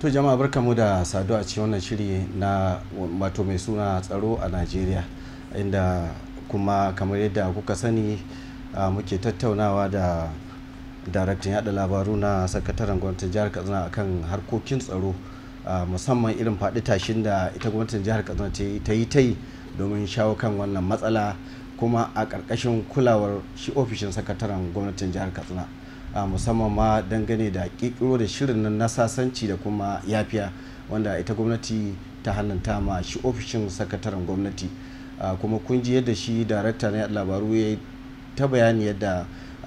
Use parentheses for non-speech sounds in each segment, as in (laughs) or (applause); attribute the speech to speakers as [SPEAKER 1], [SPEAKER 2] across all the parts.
[SPEAKER 1] to jama'a barkamu da sadu a cikin wannan shiri na wato mai suna tsaro a najeriya inda kuma kamar yadda kuka sani muke tattaunawa da daraktan yada labaru na sakataren gwamnatin jihar katsina akan harkokin tsaro musamman irin faɗi tashin da ita gwamnatin jihar katsina ta yi ta yi domin shawo kan wannan matsala kuma a ƙarƙashin kulawar shi ofishin sakataren gwamnatin jihar katsina a musamman ma dangane da kikiro da shirin nan na sasanci da kuma yafiya wanda ita gwamnati ta hannunta ma shi ofishin sakataren gwamnati kuma kun ji yadda shi darakta na labaru ya ta bayani yadda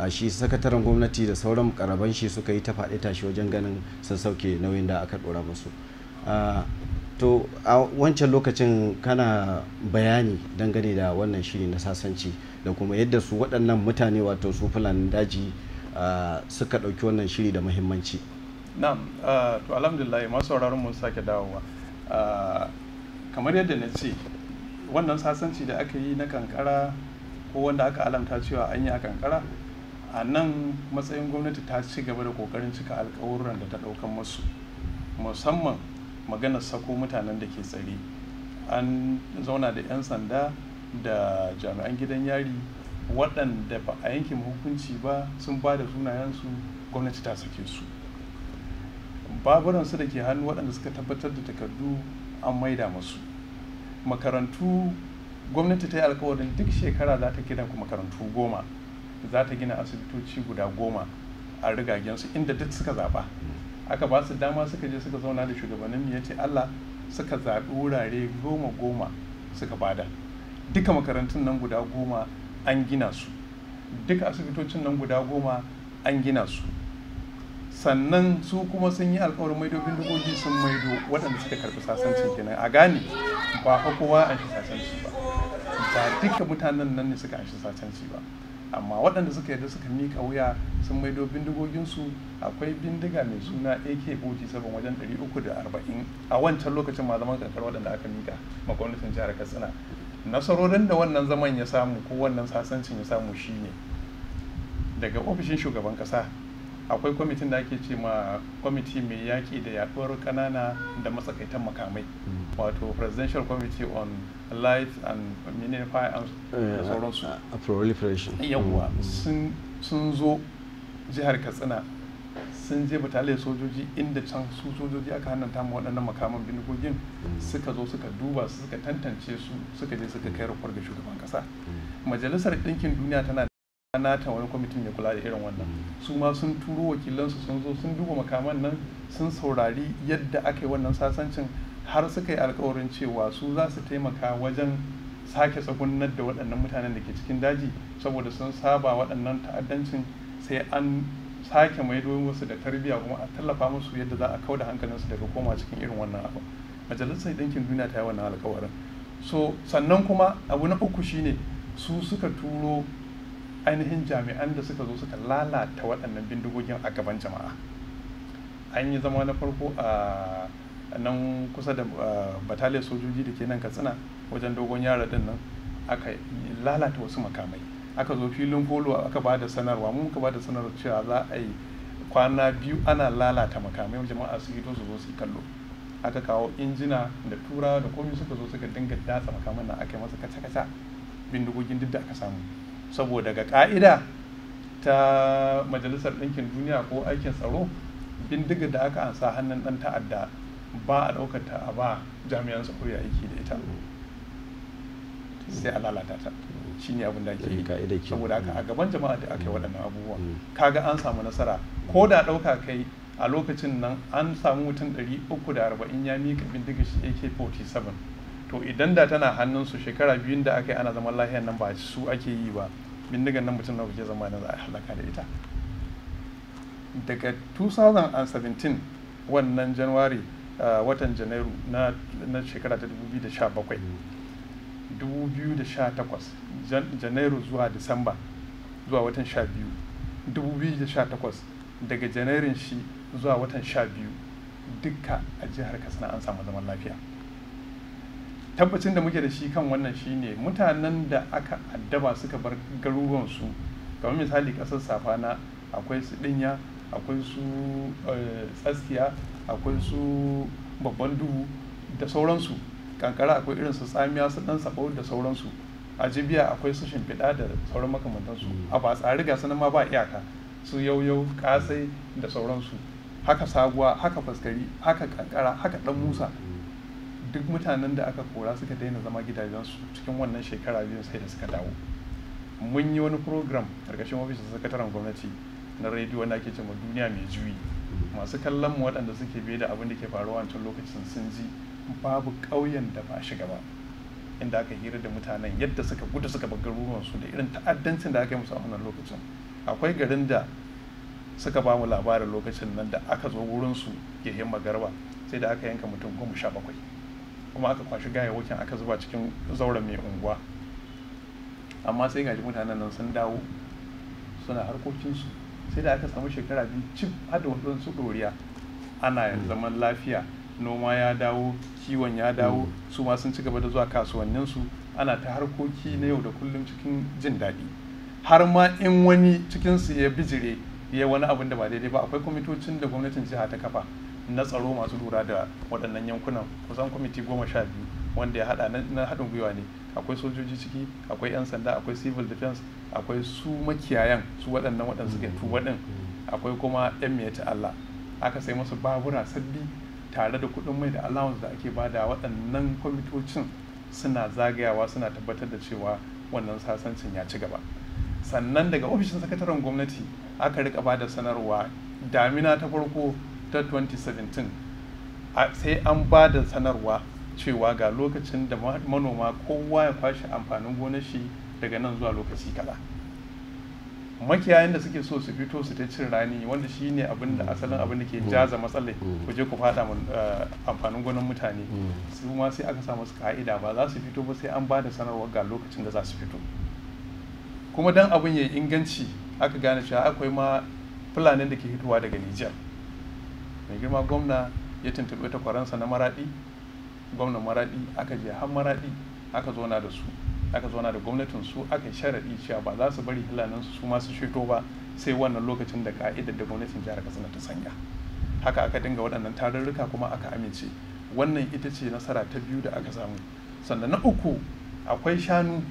[SPEAKER 1] shi sakataren gwamnati da sauran karaban shi suka yi ta faɗi tashi wajen ganin sun sauke nauyin da aka ɗora musu to a wancan lokacin kana bayani dangane da wannan shiri na sasanci da kuma yadda su waɗannan mutane wato su fulani daji suka ɗauki wannan shiri da muhimmanci
[SPEAKER 2] na'm to alhamdulillah masu sauraron mun sake dawowa kamar yadda na ce wannan sasanci da aka yi na kankara ko wanda aka alamta cewa an yi a kankara a nan matsayin gwamnati ta ci gaba da kokarin cika alkawuran da ta ɗaukan masu musamman magana sako mutanen da ke tsari an zauna da 'yan sanda da jami'an gidan yari waɗanda ba a yanke hukunci ba sun ba da sunayensu gwamnati ta sake su baburansu da ke hannu waɗanda suka tabbatar da takardu an maida masu makarantu gwamnati ta yi alkawarin duk shekara za ta gina makarantu goma za ta gina asibitoci guda goma a rigagensu inda duk suka zaɓa aka ba su dama suka je suka zauna da shugabannin ya ce allah suka zaɓi wurare goma goma suka bada duka makarantun nan guda goma an gina su duk asibitocin nan guda goma an gina su sannan su kuma sun yi alkawarin maido bindigogi sun maido waɗanda suka karɓi sasancin kenan a gane ba fa kowa an shi sasanci ba ba duka mutanen nan ne suka an shi sasanci ba amma waɗanda suka yarda suka mika wuya sun maido bindigoginsu akwai bindiga mai suna ak-47 wajen 340 a wancan lokacin ma zaman kankar waɗanda aka mika ma jihar katsina nasarorin da wannan zaman ya samu ko wannan sasancin ya samu shine daga ofishin shugaban kasa akwai kwamitin da ake ce ma kwamiti mai yaƙi da yaɗuwar ƙanana da matsakaitan makamai mm. wato presidential committee on light and mineral Fire and
[SPEAKER 1] eh, sauransu a proliferation yawwa mm. sun
[SPEAKER 2] zo jihar katsina sun je bataliyar sojoji inda can su sojoji aka hannanta mu waɗannan makaman bindigogin suka zo suka duba suka tantance su suka je suka kai rakwar ga shugaban kasa majalisar ɗinkin duniya tana da nata wani kwamitin ya kula da irin wannan su ma sun turo wakilansu sun zo sun duba makaman nan sun saurari yadda aka yi wannan sasancin har suka yi alkawarin cewa su za su taimaka wajen sake tsagunar da waɗannan mutanen da ke cikin daji saboda sun saba waɗannan ta'addancin sai an sake mai maido musu da tarbiyya kuma a tallafa musu yadda za a kau da hankalinsu daga koma cikin irin wannan abu majalisar ɗinkin duniya ta yi wannan alkawarin so sannan kuma abu na uku shine su suka turo ainihin jami'an da suka zo suka lalata waɗannan bindigogin a gaban jama'a an yi zama na farko a nan kusa da bataliyar sojoji da ke nan katsina wajen dogon yara din nan aka lalata wasu makamai aka zo filin polo aka ba da sanarwa mun muka ba da sanarwa cewa za a yi kwana biyu ana lalata makamai jama'a su hito su zo su kallo aka kawo injina da tura da komai suka zo suka dinga datsa makaman nan aka yi masa kaca-kaca bindigogin duk da aka samu saboda ga ka'ida ta majalisar ɗinkin duniya ko aikin tsaro bindiga da aka ansa hannun ɗan ta'adda ba a ɗaukar ta a ba jami'an tsaro ya aiki da ita sai a lalata ta ne abin da ake yi eh, saboda haka a gaban jama'a da aka yi mm. waɗannan abubuwa mm. kaga an samu nasara ko da ɗauka kai a lokacin nan an samu mutum 340 ya mika bindiga shi AK47 to idan da tana hannunsu shekara biyu da aka yi ana zaman lahiyar nan ba su ake yi ba bindigan nan mutum na ke zama na za a halaka da ita daga 2017 wannan januwari ah, watan janairu na shekara ta 2017 2018 janairu zuwa disamba zuwa watan 12 2018 daga janairun shi zuwa watan 12 duka a jihar katsina an samu zaman lafiya tabbacin da muke da shi kan wannan shi ne mutanen da aka addaba suka bar garuruwansu kamar misali kasar safana akwai su dinya akwai su eh, tsaskiya akwai su babban duhu da sauransu kankara akwai irin su tsamiya su dan sabo da sauransu a jibiya akwai su shimfiɗa da sauran makamantansu mm. a ba tsari ga sanan ma ba iyaka su yau, kasai da sauransu haka sabuwa haka faskari haka kankara haka dan musa mm. duk mutanen da aka kora suka daina zama gidajensu cikin wannan shekara biyu sai da suka dawo mun yi wani program karkashin ofishin sakataren gwamnati na rediyo na ke cewa duniya mai juyi mm. masu kallon mu waɗanda suke bai da abin da ke faruwa a lokacin sun ji babu ƙauyen da ba shiga ba inda aka hira da mutanen yadda suka gudu suka bar garuruwansu da irin ta'addancin da aka yi musu a wannan lokacin akwai garin da suka ba mu labarin lokacin nan da aka zo wurinsu yayin magarba sai da aka yanka mutum goma sha bakwai kuma aka kwashi gaya wakin aka zuba cikin zauren mai unguwa amma sai gaji mutanen nan sun dawo suna harkokinsu sai da aka samu shekara biyu cif har da waɗansu ɗoriya ana zaman lafiya noma ya dawo kiwon ya dawo mm. su ma sun ci gaba da zuwa kasuwannin su ana ta harkoki na yau da kullum cikin jin daɗi har ma in wani cikinsu ya bijire ya wani abin da ba daidai ba akwai kwamitocin da gwamnatin jiha ta kafa na tsaro masu lura da waɗannan yankunan kusan kwamiti goma sha biyu wanda ya haɗa na haɗin gwiwa ne akwai sojoji ciki akwai 'yan sanda akwai civil defense akwai su makiyayan su waɗannan waɗanda suke mm. tuwaɗin akwai kuma 'yan mai Allah aka sai musu babura sabbi tare da kuɗin mai da allowance da ake bada waɗannan kwamitocin suna zagayawa suna tabbatar da cewa wannan sasancin ya ci gaba sannan daga ofishin sakataren gwamnati aka rika bada sanarwa damina ta farko ta 2017 sai an ba da sanarwa cewa ga lokacin da manoma kowa ya kwashe amfanin gonar shi daga nan zuwa lokaci kaza. makiyayan da suke so su fito su ta cin rani wanda shi ne abin asalin abin da ke mm. jaza matsalai mm. ku je ku fada eh, amfanin gonan mutane mm. su ma sai aka samu su ka'ida ba za su fito ba sai an ba da sanarwa ga lokacin da za su fito kuma dan abin ya inganci aka gane cewa akwai ma fulanin da ke fitowa daga Nijar mai girma gwamna ya tuntuɓe ta kwaransa na maraɗi gwamnan maraɗi aka je har maraɗi aka zauna da su aka na da gwamnatin su aka sharaɗi cewa ba za su bari hilanin su ma su shito ba sai wannan lokacin da ka'idar da gwamnatin jihar katsina ta sanya haka aka dinga waɗannan tarurruka kuma aka amince wannan ita ce nasara ta biyu da aka samu sannan na uku akwai shanu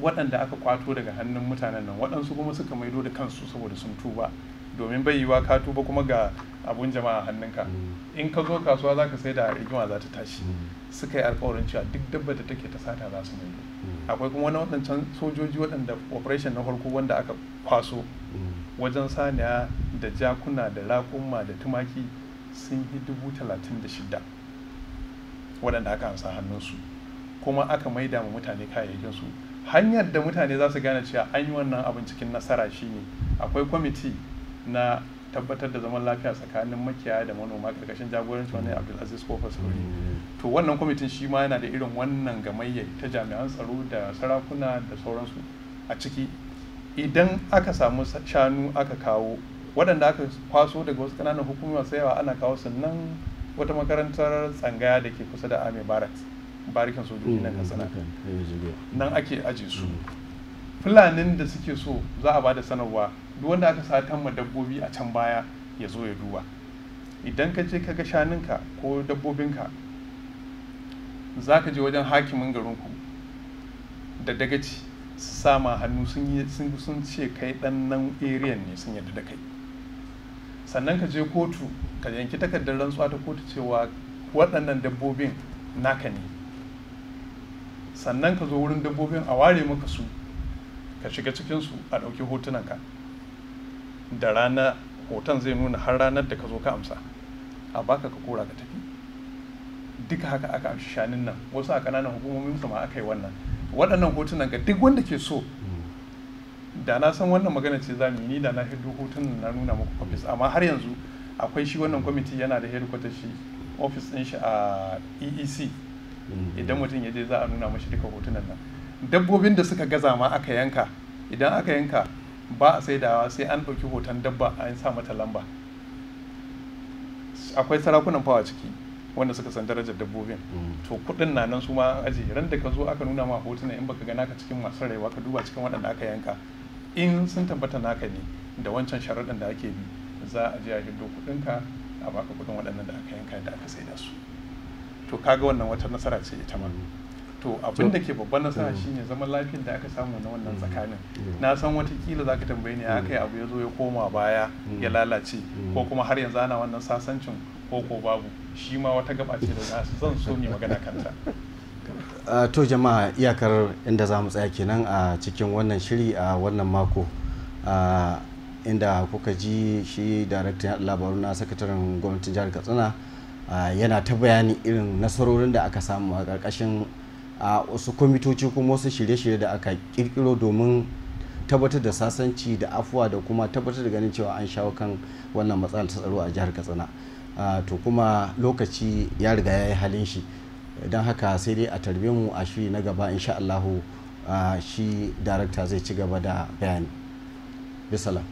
[SPEAKER 2] waɗanda aka kwato daga hannun mutanen nan waɗansu kuma suka maido da kansu saboda sun tuba domin bai yiwa ka tuba kuma ga abun jama'a hannunka mm. in ka zo kasuwa za ka sai da rigima za ta tashi mm. suka yi alkawarin cewa duk dabba da take ta sata za su maido hmm. akwai kuma wani waɗancan sojoji waɗanda operation na farko wanda aka kwaso hmm. wajen saniya da jakuna da raƙuma da tumaki sun yi dubu talatin da shida waɗanda aka ansa hannunsu kuma aka maida ma mutane kayayyakin su. hanyar da mutane za su gane cewa an yi wannan abin cikin nasara shine akwai kwamiti na tabbatar da zaman lafiya tsakanin makiyaya da manoma karkashin jagoranci wannan abdulaziz kofar sauri mm. to wannan kwamitin shi ma yana da irin wannan gamayyar ta jami'an tsaro da sarakuna da sauransu a ciki idan aka samu shanu aka kawo waɗanda aka kwaso daga wasu ƙananan hukumar yawa ana kawo sannan wata makarantar tsangaya da ke kusa da ame barat. barikin sojoji na mm, kasana nan ake aji su mm. fulanin da suke so za a ba da sanarwa duk wanda aka satan ma dabbobi a can baya ya zo ya duba idan ka je ka ga shanunka ko dabbobinka za ka je wajen hakimin garinku da dagaci su sama hannu sun ce kai dan nan eriyan ne sun yadda da kai sannan ka je kotu ka yanki takardar rantsuwa ta kotu cewa waɗannan dabbobin naka ne sannan ka zo wurin dabbobin a ware maka su ka shiga cikinsu a ɗauki hotunanka da rana hoton zai nuna har ranar da ka zo ka amsa a baka ka kora ka tafi duka haka aka amshi shanin nan wasu a kananan hukumomin su ma aka yi wannan waɗannan hotunan ga duk wanda ke so da na san wannan magana ce za mu yi ni da na hidu hotunan na nuna muku ofis amma har yanzu akwai shi wannan kwamiti yana da headquarter shi ofis din shi a eec idan mutum ya je za a nuna mashi duka hotunan nan dabbobin da suka gaza ma aka yanka idan aka yanka ba a saidawa sai an ɗauki hoton dabba yin sa mata lamba akwai sarakunan fawa ciki wanda suka san darajar dabbobin mm. to kuɗin na nan su ma aji ran da ka zo aka nuna ma hotuna in baka gana ka cikin masu rayuwa ka duba cikin waɗanda aka yanka in sun tabbata naka ne da wancan sharaɗin da ake bi za a je a hiddo kuɗinka a baka kuɗin waɗannan da aka yanka da aka saida su to kaga wannan wata nasara ce ita ma mm. to abin da ke babban nasara mm. shine zaman lafiyar da aka samu na wannan mm. tsakanin mm. na san watakila za ka tambaye ni aka yi abu ya zo ya koma baya ya lalace ko kuma har yanzu ana wannan sasancin ko ko babu shi ma wata gaba ce da zan so ne magana kanta
[SPEAKER 1] (laughs) ah, to jama'a iyakar inda za mu tsaya kenan a cikin wannan shiri a wannan mako ah, inda kuka ji shi daraktan labaru na sakataren gwamnatin jihar katsina ah, yana ta bayani irin nasarorin da aka samu a ƙarƙashin a wasu kwamitoci kuma wasu shirye-shirye da aka kirkiro domin tabbatar da sasanci da afuwa da kuma tabbatar da ganin cewa an shawo kan wannan matsalar ta tsaro a jihar katsina to kuma lokaci ya riga ya yi halin shi don haka sai dai a tarbe mu a shiri na gaba insha Allahu shi darakta zai ci gaba da bayani bisalam